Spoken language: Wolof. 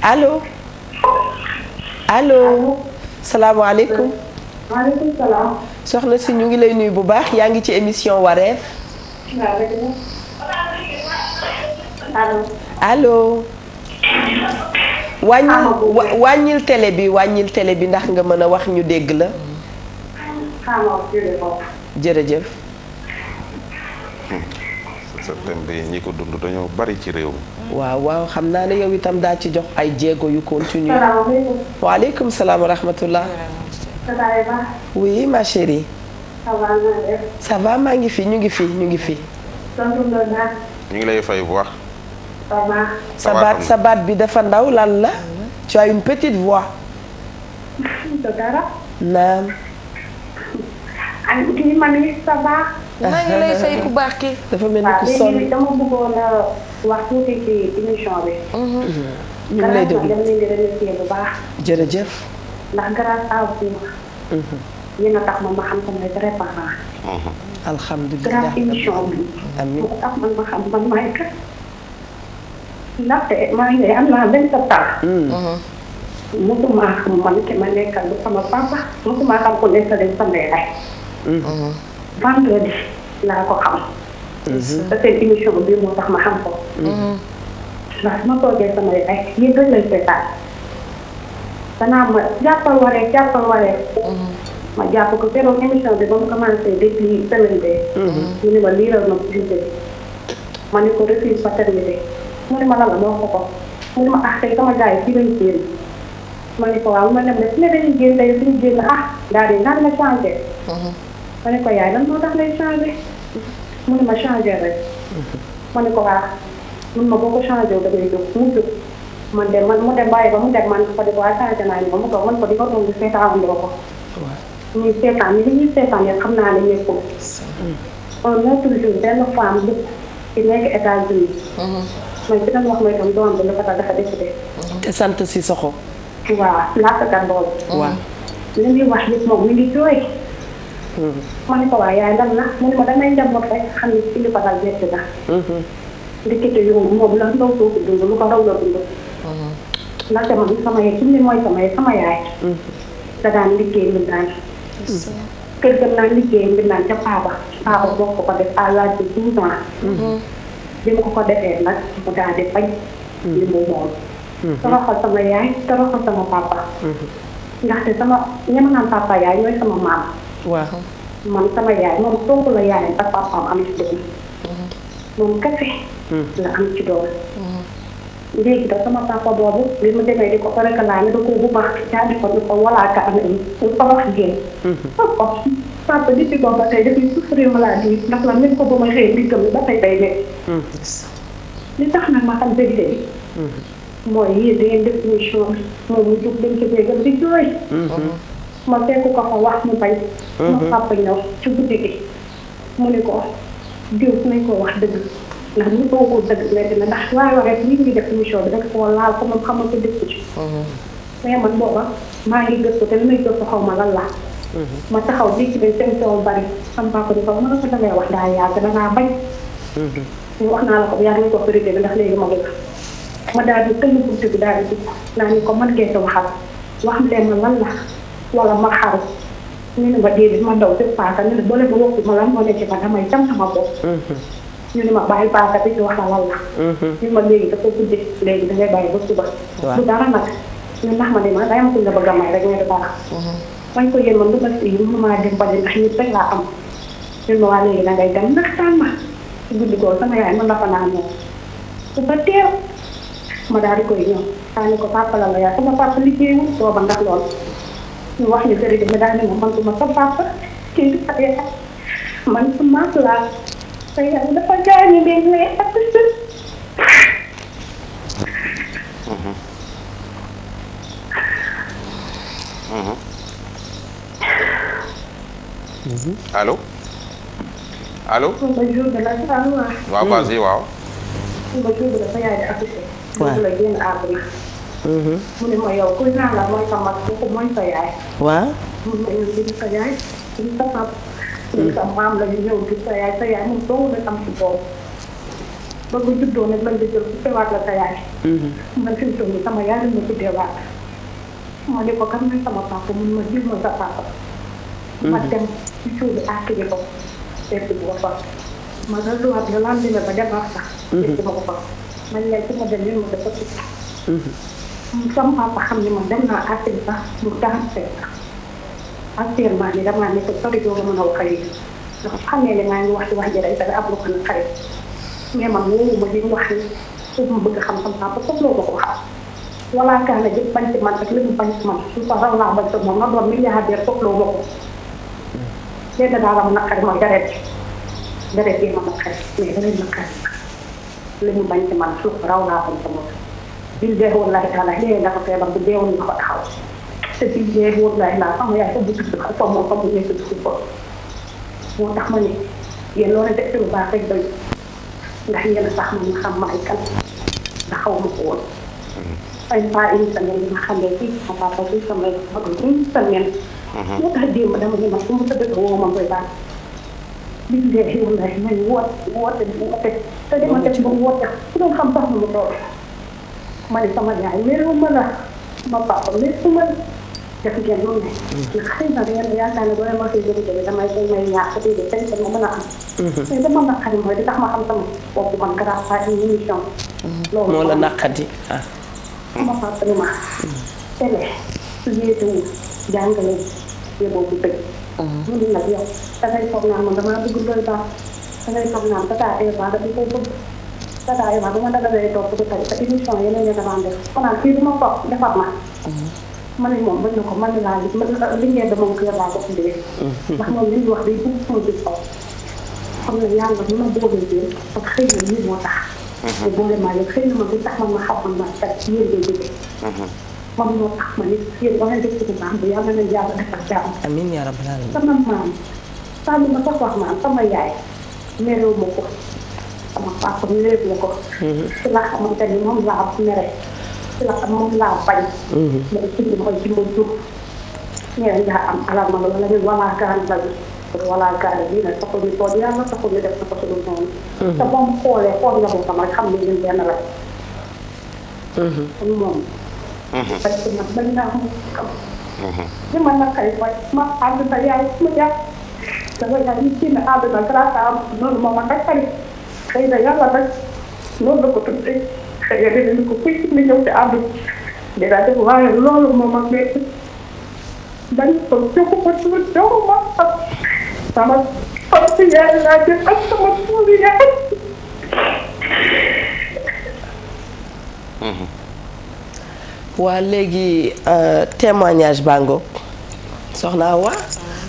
allo allo salaamaaleykum. maaleykum soxna si ñu ngi lay nuyu bu baax yaa ngi ci émission wareef. allo. allo. wàññil wàññil télé bi wàññil télé bi ndax nga mën a wax ñu dégg la. jërëjëf. Hmm. sa thème bi ñi ko dund dañoo bari ci réew mi. waaw waaw xam naa ne yow itam daa ci jox ay jéego yu continue waaleykum salaam wa rahmatullah oui ma chérie ça va maa ngi fi ñu ngi fi ñu ngi fi ñu ngi lay fay bu wax sa bi dafa ndaw lan la tu une petite voix naam ah, maa ngi lay fay ku baax ki dafa mel ku sonn wax tuuti ci émission bi. Mhm. Mhm. ñu ngi lay déglu gannaaw dem di remercier bu baax. jërëjëf. ndax grâce à vous. Mhm. a tax ma ma xam tamit très parent. alhamdulilah grâce émission bi. amiin moo tax man ma xam man maay kat. ndaxte maa ngi lay am naa benn septembre. mosuma xam man ki ma nekkal lu sama papa mosuma ku nekkal sa ndey ay. vendredi ko xam. ba seen émission bi moo tax ma xam ko. Mhm. ndax su ma toogee sama yëpp ay yéen rek lañ seetaan danaa ma jàppal waree jàppal waree. Mhm. ma jàpp ko keroog émission bi ba mu commencé depuis semaine bee. mu mhm. ne ma lii la ma gis ma ne ko refuse paternité mu ne ma lan la ma wax ko ko mu ne ma ah tey sama gars yi fii lañ génn ma ne ko waaw ma dem ne su ne dañuy génn tey suñu génn ah daal di naan la changé. ma ne ko yaay lan moo tax lay changé. mu ne ma changé rek. Mhm. ma ne ko baax mun ma boo ko changé wu da ngay jóg mu jóg man de man mu dem bàyyi ba mu dem man ko def waaye changé naa ni ba mu toog man ko di ko toog seetaan ko. waaw ñuy seetaan li ñuy seetaan yëpp xam naa ne nekkul. on a toujours benn femme bu ci nekk États-Unis. mooy mhm. bi doon wax mooy itam doom bi dafa dafa décidé. Mhm. te sant si soxo. waaw laata kan loolu. waaw li muy wax yëpp moom mi ngi jooy. ma ne ko waa yaay lan la mu ne ma damay njaboot rek xam ne ci li ko dal métti na. ndekete yow moom la ndaw soo ko dund lu ko raw la dund. ndaxte man sama yaay suñu mooy sama sama yaay. da daan liggéey mbir naan. kër ga naan liggéey mbir naan ca Paaba. Paaba boo ko ko def à l'âge de douze ans. bi ma ko ko defee nag mu daal di bañ. li mu moom. toroxal sama yaay toroxal sama papa. ndaxte sama ña ma naan papa yaay ñooy sama maam. waaw man sama yaay moom dong la yaayam ak papaam am ci doom mhm. moom kese hmm. la am ci doom mhm. léegi da sama papa boobu bi mu demee di ko ko rek laa ne da ko bu baax jaadi ko ni ko walaaka am ni ñu ko wax génn mhm. papa papa depuis boobu ba tey dafay souffrir maladie ndax la même ko ba ma xëy ndiggam ba tey day nekk li tax nag ma xam dëgg dëgg mooy yéen da ngeen def émission moom mu jóg dem ci néegam di jooy ma fekk ko fa wax mu bañ. Mhm. ma papa ñëw ci guddi ko diw nañ ko wax dëgg ndax ñu ko ko dëgg mais dina ndax waaye waxee rek lii ngi def émission bi rek koo laal ko moom xamal ko dëkk ci. Mhm. man booba maa ngi gëstu te li may gëstu xaw ma lan la. Mhm. ma taxaw bii ci biir seen tool bari sama papa di ko mën a ko damay wax daal yàgg danaa bañ. wax naa la ko yaa ngi ko autorité bi ndax léegi ma bëgg ma daal di tënk buntu bi daal di naan ko mën ngeen di waxal wax leen ma lan la. wala ma xaru ñu ne ma déedéet ma ndaw jël paaka ñu ne boole ma waxu ma lan moo nekk ma damay jam sama bopp mm-hmm. ñu ne ma bàyyi paaka bi ñu wax la lan ma léegi dafa guddi léegi dangay ba suba du dara nag ñu ma ne ma day ma kuñ la bëgg a may rek ñedu dara mm-hmm. mañ ko yéen man duma si yi mënumaa dem ba ndax nit rek am ñun ma waa léegi dangay dem ma si guddi googu sama yaay man dafa naa moom su ba teew ma daal di taa ni ko papa la la yaay sama papa liggéeyul booba ndax loolu ñu wax ñu kër gi ma daal ne ma man duma sa papa kii sa yaay man sa maam laa sa yaay dafa gaañu day lay ak allo allo. waaw vas-y waaw. waaw. mu ne ma yow kuy naan la mooy sa mag kooku mooy sa yaay. waaw. mu ne ñun duñu sa yaay duñu sa pap. duñu sa maam la ñu ñëw di sa yaay sa yaay moom dong la am si boobu. ba bu juddoo nag lañ di jël bu teewaat la sa yaay. man fi mu toll nii sama yaay lañ ma tuddeewaat. ma ne ko kan nga sama papa mun ma jël ma sa papa. ma dem ci suuf bi àq ji ko. fekk bu ko fa. ma delluwaat la lan dina ba demaat sax. fekk ma ko fa. man léegi su ma demee ma dafa tukki. sama papa xam ne man dem naa àtte bi sax mu transfert actuellement nii damaa nekk sori doo mën a wax ak yéen ndax xam ne maa ngi wax ci wax ji rek dara am lu ko na xarit mais man woowu mu wax nii foofu ma bëgg xam sama papa foofu loo ko ko xam. wala kaana jëpp bañ ci man ak raw laa bañ moom na doon milliardaire foofu loo ma ko. lenn daal am naqari ma deret deret bi ma naqari mais deret naqari li mu bañ ci man su raw laa bañ moom. billahi wallahi taala léegi dafa feebar bu deewoon nga ko taxaw te billahi wallahi laa sama yaay fa bu tudd ko fa moo fa mu nekk ci ko moo tax ma ne yéen loo leen def lu baax rek doy ndax yéen a sax ma xam maay kan ndax xaw ma ko woon. ay pas une semaine ma xamee fii ma papa fii sama mag une semaine. moo tax démb dama ne ma fu mu tëdd woo ma koy baax. billahi wallahi man woote woote woote te dama def ba woote ku doon xam baax na mu toll. man sama yaay merewuma la sama papa merewuma la def ngeen lu ne. ndax xëy na yéen yaakaar ne boo ma fi jóge jóge damay may ñaax te de tey dama mën a am. di tax ma xam sama bopp man grâce à une émission. loolu moo la naqadi ah. sama papa ni ma. télé mu ne nag yow dangay foog naa man damaa bëgg loolu baax dangay foog naa tata Eva da tataayuma bu ma dagalee toog di tari te émission yeneen yi dafaan def ku naan kii du ma toog defar ma ma ne moom mën na ko mën laa li li ngeen de moom kër laa def léegi ndax moom li ñu wax day bëgg sama biir kaw xam ne yàlla ni ma boobee biir ak xëy na lii moo tax te boole maa yëg xëy na ma bi tax man ma xamoon ma kat yéen day jóge moom moo tax ma nit yéen ba ngeen def ci baax bi yàlla na yàlla def ak jàmm amiin yaa rabbal alamin sama maam saa ma sax wax maam sama yaay merew ma ko sama papa ñu yóbbu ko. Mhm. ci la xamante ni moom laa mere ci la xam moom laa bañ. mais ci li ma jiw a jur. ñeneen ñaa am alal ma wala ñu wala gaan la wala gaan bi nag taxul ñu toog yàlla taxul ñu def na ko ci lu noonu. te moom xoolee xool na ko sama xam ne ñun benn la. Mhm. kon moom. parce mhm. que man bañ naa ko xam. li ma nakay waaye ma ànd na yaay ma jàpp. dama yaay ñu génn ànd na grâce à noonu moom ak ay xarit. xëy na yàlla nag noonu la ko tuddee xëy na dinañ ko kuy ci ñëw te àdduna dina def waaye loolu moom ak métti dañ ko ko tuur joxu ma ak sama sant yaay laa mhm. yaay. waa léegi euh, témoignage bàngo soxna wa